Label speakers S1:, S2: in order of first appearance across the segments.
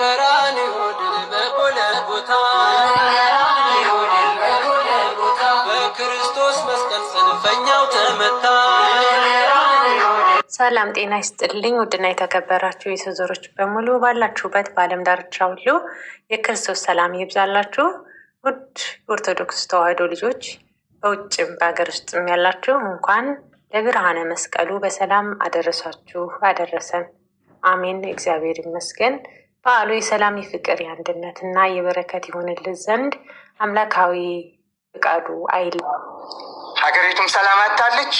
S1: በቀራንዮ ድል በጎልጎታ በክርስቶስ መስቀል ጽንፈኛው ተመታ። ሰላም ጤና ይስጥልኝ። ውድና የተከበራችሁ የሰዞሮች በሙሉ ባላችሁበት በዓለም ዳርቻ ሁሉ የክርስቶስ ሰላም ይብዛላችሁ። ውድ ኦርቶዶክስ ተዋሕዶ ልጆች በውጭም በሀገር ውስጥም ያላችሁ እንኳን ለብርሃነ መስቀሉ በሰላም አደረሳችሁ
S2: አደረሰን። አሜን። እግዚአብሔር ይመስገን። በዓሉ የሰላም የፍቅር የአንድነት እና የበረከት ይሆንልን ዘንድ አምላካዊ ፍቃዱ አይል ሀገሪቱም ሰላም አታለች፣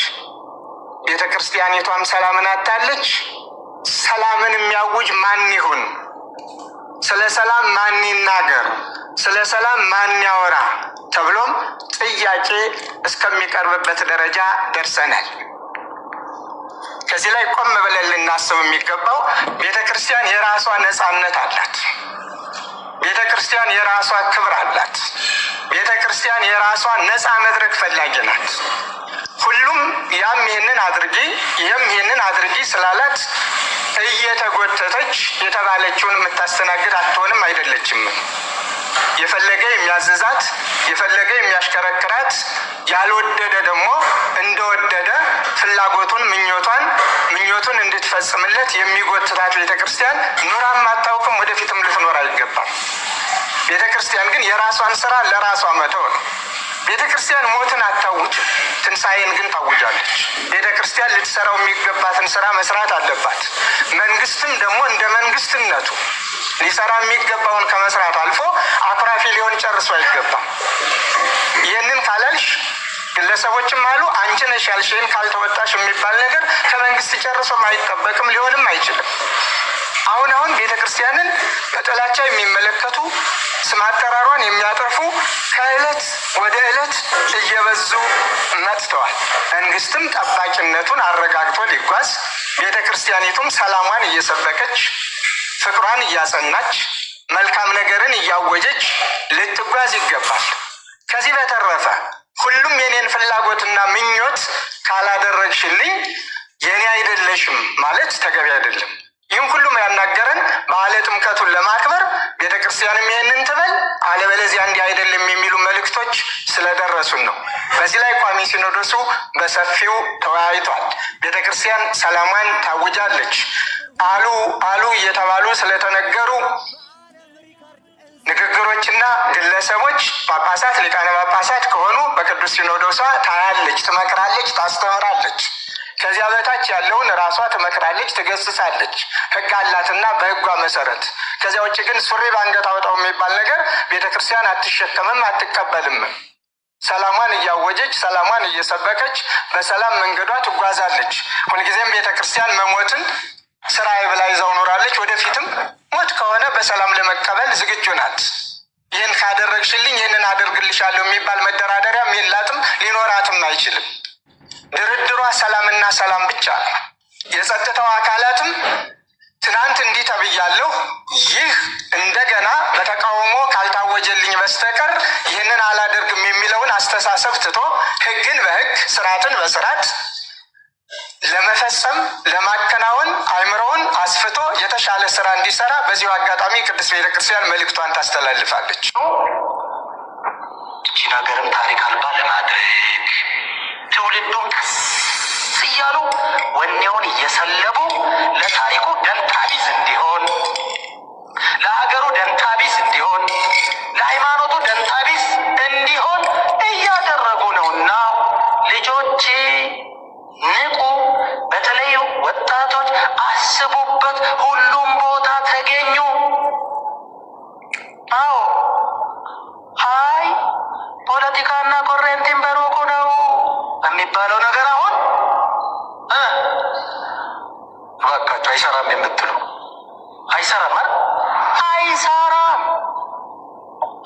S2: ቤተ ክርስቲያኒቷም ሰላምን አታለች። ሰላምን የሚያውጅ ማን ይሁን? ስለ ሰላም ማን ይናገር? ስለ ሰላም ማን ያወራ? ተብሎም ጥያቄ እስከሚቀርብበት ደረጃ ደርሰናል። ከዚህ ላይ ቆም ብለን ልናስብ የሚገባው ቤተ ክርስቲያን የራሷ ነፃነት አላት። ቤተ ክርስቲያን የራሷ ክብር አላት። ቤተ ክርስቲያን የራሷ ነፃ መድረክ ፈላጊ ናት። ሁሉም ያም ይህንን አድርጊ ይህም ይህንን አድርጊ ስላላት እየተጎተተች የተባለችውን የምታስተናግድ አትሆንም፣ አይደለችም። የፈለገ የሚያዝዛት የፈለገ የሚያሽከረክራት ያልወደደ ደግሞ እንደወደደ ፍላጎቱን ምኞቷን ምኞቱን እንድትፈጽምለት የሚጎትታት ቤተክርስቲያን ኑራም አታውቅም፣ ወደፊትም ልትኖር አይገባም። ቤተክርስቲያን ግን የራሷን ስራ ለራሷ መተው ነው። ቤተክርስቲያን ሞትን አታውጅም፣ ትንሣኤን ግን ታውጃለች። ቤተክርስቲያን ልትሰራው የሚገባትን ስራ መስራት አለባት። መንግስትም ደግሞ እንደ መንግስትነቱ ሊሰራ የሚገባውን ከመስራት አልፎ አኩራፊ ሊሆን ጨርሶ አይገባም። ግለሰቦችም አሉ አንቺ ነሽ ያልሽን ካልተወጣሽ የሚባል ነገር ከመንግስት ጨርሶ አይጠበቅም ሊሆንም አይችልም። አሁን አሁን ቤተ ክርስቲያንን በጥላቻ የሚመለከቱ ስም አጠራሯን የሚያጠፉ ከእለት ወደ እለት እየበዙ መጥተዋል። መንግስትም ጠባቂነቱን አረጋግጦ ሊጓዝ ቤተ ክርስቲያኒቱም ሰላሟን እየሰበከች ፍቅሯን እያጸናች መልካም ነገርን እያወጀች ልትጓዝ ይገባል። ከዚህ በተረፈ ሁሉም የኔን ፍላጎትና ምኞት ካላደረግሽልኝ የኔ አይደለሽም ማለት ተገቢ አይደለም። ይህም ሁሉም ያናገረን በዓለ ጥምቀቱን ለማክበር ቤተክርስቲያንም ይህንን ትበል፣ አለበለዚያ እንዲህ አይደለም የሚሉ መልእክቶች ስለደረሱን ነው። በዚህ ላይ ቋሚ ሲኖዶሱ በሰፊው ተወያይቷል። ቤተክርስቲያን ሰላሟን ታውጃለች አሉ አሉ እየተባሉ ስለተነገሩ ንግግሮችና ግለሰቦች ጳጳሳት፣ ሊቃነ ጳጳሳት ከሆኑ በቅዱስ ሲኖዶሷ ታያለች፣ ትመክራለች፣ ታስተምራለች። ከዚያ በታች ያለውን ራሷ ትመክራለች፣ ትገስሳለች። ሕግ አላትና በሕጓ መሰረት። ከዚያ ውጭ ግን ሱሪ በአንገት አውጣው የሚባል ነገር ቤተ ክርስቲያን አትሸከምም፣ አትቀበልም። ሰላሟን እያወጀች ሰላሟን እየሰበከች በሰላም መንገዷ ትጓዛለች። ሁልጊዜም ቤተ ክርስቲያን መሞትን ስራ ብላ ይዛው ኖራለች። ወደፊትም ሞት ከሆነ በሰላም ለመቀበል ዝግጁ ናት። ይህን ካደረግሽልኝ ይህንን አደርግልሻለሁ የሚባል መደራደሪያም የላትም ሊኖራትም አይችልም። ድርድሯ ሰላምና ሰላም ብቻ ነው። የጸጥታው አካላትም ትናንት እንዲህ ተብያለሁ፣ ይህ እንደገና በተቃውሞ ካልታወጀልኝ በስተቀር ይህንን አላደርግም የሚለውን አስተሳሰብ ትቶ ህግን በህግ ስርዓትን በስርዓት ለመፈጸም ለማከናወን አይምሮውን አስፍቶ የተሻለ ስራ እንዲሰራ በዚሁ አጋጣሚ ቅድስት ቤተክርስቲያን መልእክቷን ታስተላልፋለች። እቺን ሀገርም ታሪክ አልባ ለማድረግ ትውልዱም ቀስ እያሉ ወኔውን እየሰለቡ ለታሪኩ ደንታ እንዲሆን እባካችሁ አይሰራም የምትሉ አይሰራም አ አይሰራም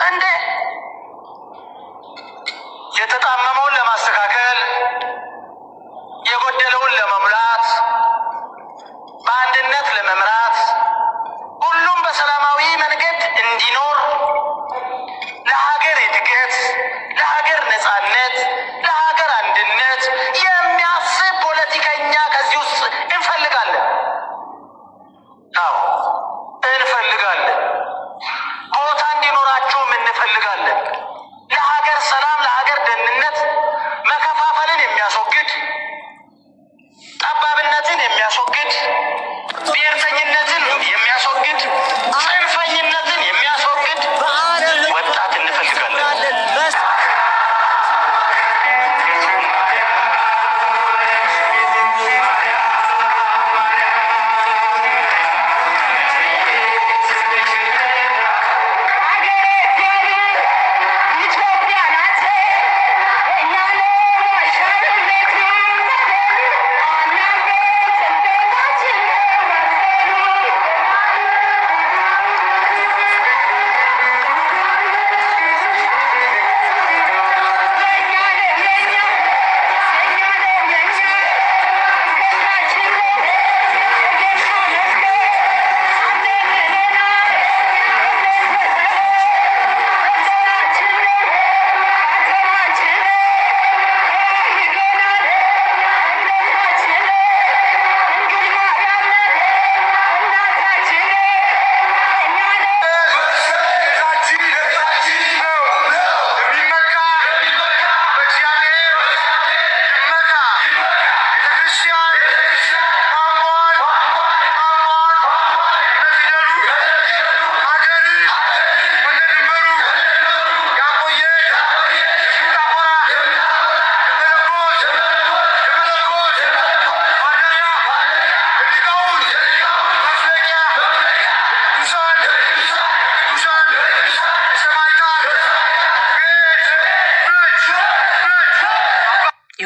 S2: እንዴ! የተጣመመውን ለማስተካከል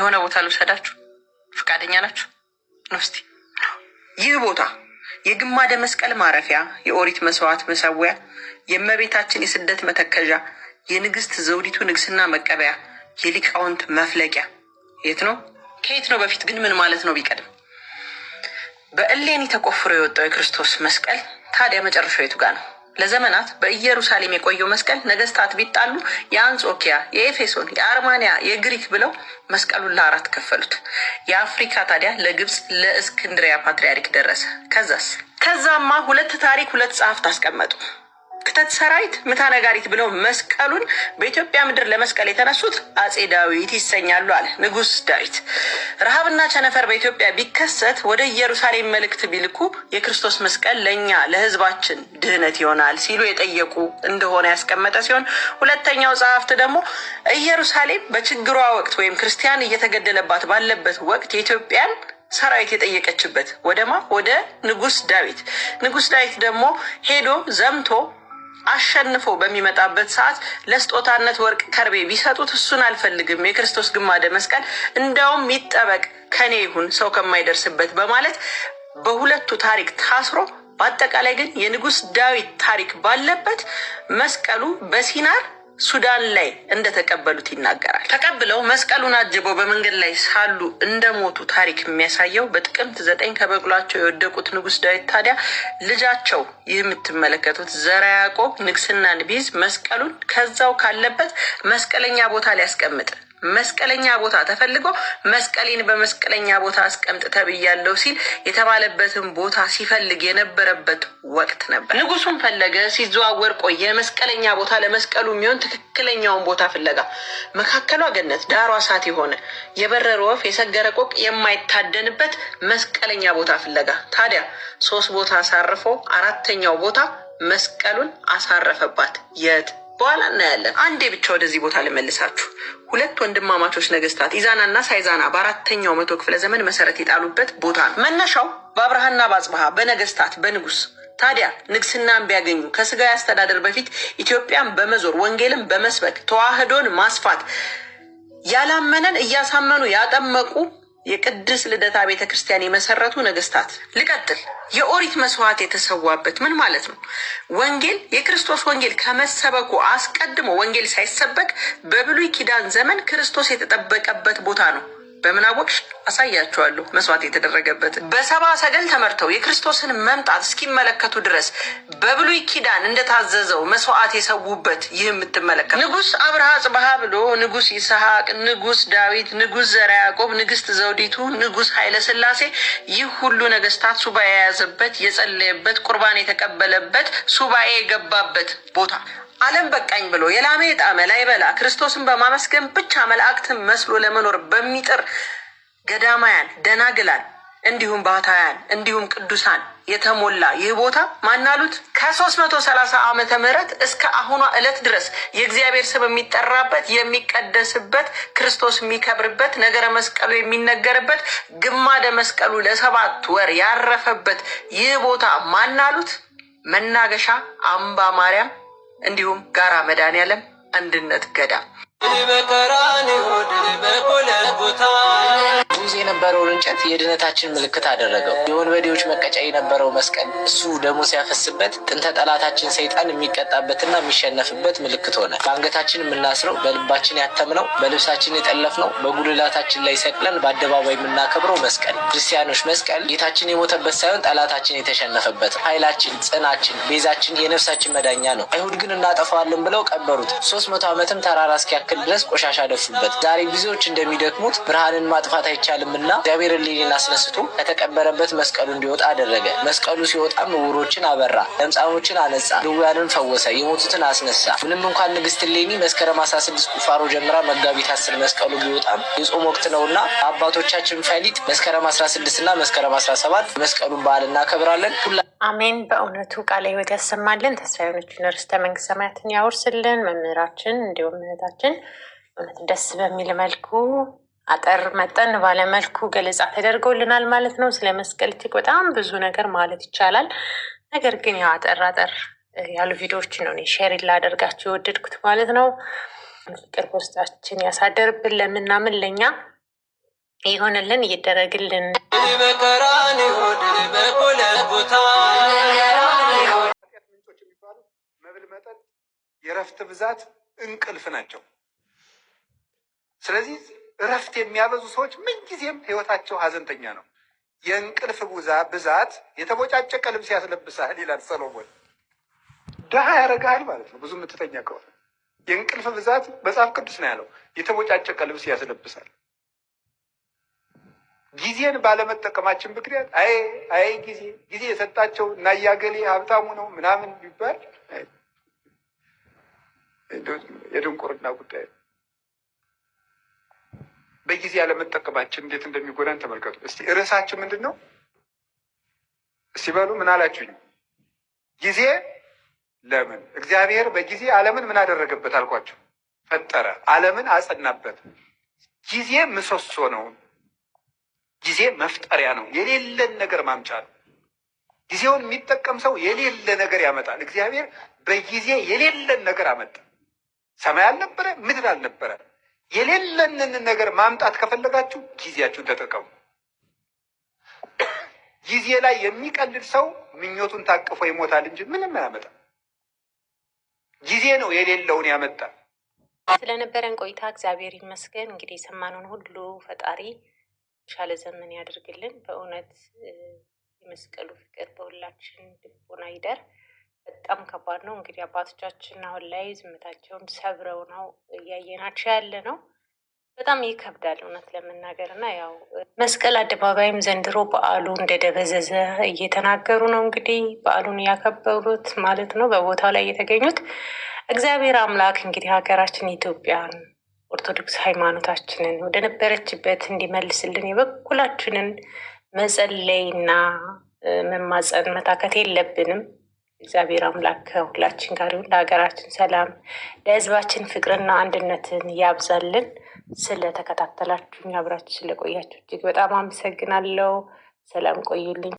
S1: የሆነ ቦታ ልውሰዳችሁ ፈቃደኛ ናችሁ? ነው ይህ ቦታ የግማደ መስቀል ማረፊያ፣ የኦሪት መስዋዕት መሰዊያ፣ የእመቤታችን የስደት መተከዣ፣ የንግስት ዘውዲቱ ንግስና መቀበያ፣ የሊቃውንት መፍለቂያ የት ነው? ከየት ነው በፊት ግን ምን ማለት ነው? ቢቀድም በእሌኒ ተቆፍሮ የወጣው የክርስቶስ መስቀል ታዲያ መጨረሻው የቱ ጋር ነው? ለዘመናት በኢየሩሳሌም የቆየው መስቀል ነገስታት ቢጣሉ የአንጾኪያ፣ የኤፌሶን፣ የአርማንያ፣ የግሪክ ብለው መስቀሉን ለአራት ከፈሉት። የአፍሪካ ታዲያ ለግብፅ ለእስክንድሪያ ፓትርያርክ ደረሰ። ከዛስ? ከዛማ ሁለት ታሪክ ሁለት ጸሐፍት አስቀመጡ። ክተት ሰራዊት ምታ ነጋሪት ብለው መስቀሉን በኢትዮጵያ ምድር ለመስቀል የተነሱት አጼ ዳዊት ይሰኛሉ አለ ንጉስ ዳዊት። ረሃብና ቸነፈር በኢትዮጵያ ቢከሰት ወደ ኢየሩሳሌም መልእክት ቢልኩ የክርስቶስ መስቀል ለእኛ ለህዝባችን ድህነት ይሆናል ሲሉ የጠየቁ እንደሆነ ያስቀመጠ ሲሆን ሁለተኛው ጸሐፍት ደግሞ ኢየሩሳሌም በችግሯ ወቅት ወይም ክርስቲያን እየተገደለባት ባለበት ወቅት የኢትዮጵያን ሰራዊት የጠየቀችበት ወደማ ወደ ንጉስ ዳዊት ንጉስ ዳዊት ደግሞ ሄዶ ዘምቶ አሸንፎ በሚመጣበት ሰዓት ለስጦታነት ወርቅ ከርቤ ቢሰጡት እሱን አልፈልግም፣ የክርስቶስ ግማደ መስቀል እንዲያውም ይጠበቅ ከኔ ይሁን ሰው ከማይደርስበት በማለት በሁለቱ ታሪክ ታስሮ በአጠቃላይ ግን የንጉስ ዳዊት ታሪክ ባለበት መስቀሉ በሲናር ሱዳን ላይ እንደተቀበሉት ይናገራል። ተቀብለው መስቀሉን አጅበው በመንገድ ላይ ሳሉ እንደሞቱ ታሪክ የሚያሳየው በጥቅምት ዘጠኝ ከበቅሏቸው የወደቁት ንጉስ ዳዊት ታዲያ ልጃቸው ይህ የምትመለከቱት ዘርዓ ያዕቆብ ንግስናን ቢይዝ መስቀሉን ከዛው ካለበት መስቀለኛ ቦታ ሊያስቀምጥ መስቀለኛ ቦታ ተፈልጎ መስቀሌን በመስቀለኛ ቦታ አስቀምጥ ብያለው ሲል የተባለበትን ቦታ ሲፈልግ የነበረበት ወቅት ነበር። ንጉሱን ፈለገ፣ ሲዘዋወር ቆየ። መስቀለኛ ቦታ ለመስቀሉ የሚሆን ትክክለኛውን ቦታ ፍለጋ መካከሏ ገነት ዳሯ እሳት የሆነ የበረረ ወፍ የሰገረ ቆቅ የማይታደንበት መስቀለኛ ቦታ ፍለጋ ታዲያ ሶስት ቦታ አሳርፎ አራተኛው ቦታ መስቀሉን አሳረፈባት የት በኋላ እናያለን። አንዴ ብቻ ወደዚህ ቦታ ልመልሳችሁ። ሁለት ወንድማማቾች ነገስታት ኢዛናና ሳይዛና በአራተኛው መቶ ክፍለ ዘመን መሰረት የጣሉበት ቦታ ነው። መነሻው በአብርሃና በአጽብሃ በነገስታት በንጉስ ታዲያ ንግስናን ቢያገኙ ከስጋዊ አስተዳደር በፊት ኢትዮጵያን በመዞር ወንጌልን በመስበክ ተዋህዶን ማስፋት ያላመነን እያሳመኑ ያጠመቁ የቅድስ ልደታ ቤተ ክርስቲያን የመሰረቱ ነገስታት። ልቀጥል። የኦሪት መስዋዕት የተሰዋበት ምን ማለት ነው? ወንጌል የክርስቶስ ወንጌል ከመሰበኩ አስቀድሞ ወንጌል ሳይሰበክ በብሉይ ኪዳን ዘመን ክርስቶስ የተጠበቀበት ቦታ ነው። በምናቦች አሳያቸዋለሁ መስዋዕት የተደረገበት በሰባ ሰገል ተመርተው የክርስቶስን መምጣት እስኪመለከቱ ድረስ በብሉይ ኪዳን እንደታዘዘው መስዋዕት የሰዉበት ይህ የምትመለከት ንጉስ አብርሃ ጽብሃ ብሎ ንጉስ ይስሐቅ፣ ንጉስ ዳዊት፣ ንጉስ ዘራ ያዕቆብ፣ ንግስት ዘውዲቱ፣ ንጉስ ኃይለ ስላሴ ይህ ሁሉ ነገስታት ሱባኤ የያዘበት የጸለየበት ቁርባን የተቀበለበት ሱባኤ የገባበት ቦታ ዓለም በቃኝ ብሎ የላመ የጣመ ላይበላ ክርስቶስን በማመስገን ብቻ መላእክትን መስሎ ለመኖር በሚጥር ገዳማያን፣ ደናግላን እንዲሁም ባህታውያን እንዲሁም ቅዱሳን የተሞላ ይህ ቦታ ማናሉት ከ ሰላሳ ዓመተ ምህረት እስከ አሁኗ ዕለት ድረስ የእግዚአብሔር ስም የሚጠራበት የሚቀደስበት ክርስቶስ የሚከብርበት ነገረ መስቀሉ የሚነገርበት ግማደ መስቀሉ ለሰባት ወር ያረፈበት ይህ ቦታ ማናሉት መናገሻ አምባ ማርያም እንዲሁም ጋራ መድኃኔዓለም አንድነት ገዳም የነበረውን እንጨት የድነታችን ምልክት አደረገው። የወንበዴዎች መቀጫ የነበረው መስቀል እሱ ደግሞ ሲያፈስበት ጥንተ ጠላታችን ሰይጣን የሚቀጣበትና የሚሸነፍበት ምልክት ሆነ። በአንገታችን የምናስረው፣ በልባችን ያተምነው፣ በልብሳችን የጠለፍነው፣ በጉልላታችን ላይ ሰቅለን በአደባባይ የምናከብረው መስቀል። ክርስቲያኖች መስቀል ጌታችን የሞተበት ሳይሆን ጠላታችን የተሸነፈበት፣ ኃይላችን፣ ጽናችን፣ ቤዛችን፣ የነፍሳችን መዳኛ ነው። አይሁድ ግን እናጠፋዋለን ብለው ቀበሩት። ሶስት መቶ ዓመትም ተራራ እስኪያክል እስክንችል ድረስ ቆሻሻ ደፉበት። ዛሬ ብዙዎች እንደሚደክሙት ብርሃንን ማጥፋት አይቻልምና እግዚአብሔርን ሌሊን አስነስቶ ከተቀበረበት መስቀሉ እንዲወጣ አደረገ። መስቀሉ ሲወጣም ዕውሮችን አበራ፣ ለምጻሞችን አነጻ፣ ድውያንን ፈወሰ፣ የሞቱትን አስነሳ። ምንም እንኳን ንግስት ሌኒ መስከረም 16 ቁፋሮ ጀምራ መጋቢት አስር መስቀሉ ቢወጣም የጾም ወቅት ነውና አባቶቻችን ፈሊጥ መስከረም 16 እና መስከረም 17 መስቀሉን በዓል እናከብራለን። አሜን። በእውነቱ ቃለ ሕይወት ያሰማልን። ተስፋ የሆነች ዩኒቨርስቲ መንግስት ሰማያትን ያውርስልን። መምህራችን እንዲሁም እህታችን ደስ በሚል መልኩ አጠር መጠን ባለመልኩ ገለጻ ተደርገውልናል ማለት ነው። ስለ መስቀል እጅግ በጣም ብዙ ነገር ማለት ይቻላል። ነገር ግን ያው አጠር አጠር ያሉ ቪዲዮዎች ነው ሼር ላደርጋቸው የወደድኩት ማለት ነው። ፍቅር ፖስታችን ያሳደርብን ለምናምን ለኛ ይሆንልን ይደረግልን። የረፍት ብዛት እንቅልፍ ናቸው። ስለዚህ እረፍት የሚያበዙ ሰዎች ምንጊዜም ህይወታቸው ሀዘንተኛ ነው። የእንቅልፍ ብዛት የተቦጫጨቀ ልብስ ያስለብሳል ይላል ሰሎሞን። ድሃ ያደርግሃል ማለት ነው ብዙ የምትተኛ ከሆነ። የእንቅልፍ ብዛት መጽሐፍ ቅዱስ ነው ያለው፣ የተቦጫጨቀ ልብስ ያስለብሳል። ጊዜን ባለመጠቀማችን ምክንያት አይ አይ ጊዜ ጊዜ የሰጣቸው እና ሀብታሙ ነው ምናምን ቢባል የድንቁርና ጉዳይ ነው። በጊዜ ያለመጠቀማችን እንዴት እንደሚጎዳን ተመልከቱ። እስቲ ርዕሳችን ምንድን ነው? እስቲ በሉ ምን አላችሁኝ? ጊዜ ለምን እግዚአብሔር በጊዜ ዓለምን ምን አደረገበት አልኳቸው? ፈጠረ፣ ዓለምን አጸናበት። ጊዜ ምሰሶ ነው። ጊዜ መፍጠሪያ ነው። የሌለን ነገር ማምጫ ነው። ጊዜውን የሚጠቀም ሰው የሌለ ነገር ያመጣል። እግዚአብሔር በጊዜ የሌለን ነገር አመጣ። ሰማይ አልነበረ፣ ምድር አልነበረ የሌለንን ነገር ማምጣት ከፈለጋችሁ ጊዜያችሁን ተጠቀሙ። ጊዜ ላይ የሚቀልድ ሰው ምኞቱን ታቅፎ ይሞታል እንጂ ምንም አያመጣም። ጊዜ ነው የሌለውን ያመጣል። ስለነበረን ቆይታ እግዚአብሔር ይመስገን። እንግዲህ የሰማነውን ሁሉ ፈጣሪ ሻለ ዘመን ያደርግልን። በእውነት የመስቀሉ ፍቅር በሁላችን ልቦና ይደር። በጣም ከባድ ነው። እንግዲህ አባቶቻችን አሁን ላይ ዝምታቸውን ሰብረው ነው እያየናቸው ያለ ነው። በጣም ይከብዳል እውነት ለመናገር እና ያው መስቀል አደባባይም ዘንድሮ በዓሉ እንደደበዘዘ እየተናገሩ ነው። እንግዲህ በዓሉን እያከበሩት ማለት ነው በቦታው ላይ የተገኙት። እግዚአብሔር አምላክ እንግዲህ ሀገራችን ኢትዮጵያን ኦርቶዶክስ ሃይማኖታችንን ወደ ነበረችበት እንዲመልስልን የበኩላችንን መጸለይና መማጸን መታከት የለብንም። እግዚአብሔር አምላክ ከሁላችን ጋር ይሁን። ለሀገራችን ሰላም፣ ለህዝባችን ፍቅርና አንድነትን ያብዛልን። ስለተከታተላችሁኝ፣ አብራችሁ ስለቆያችሁ እጅግ በጣም አመሰግናለሁ። ሰላም ቆዩልኝ።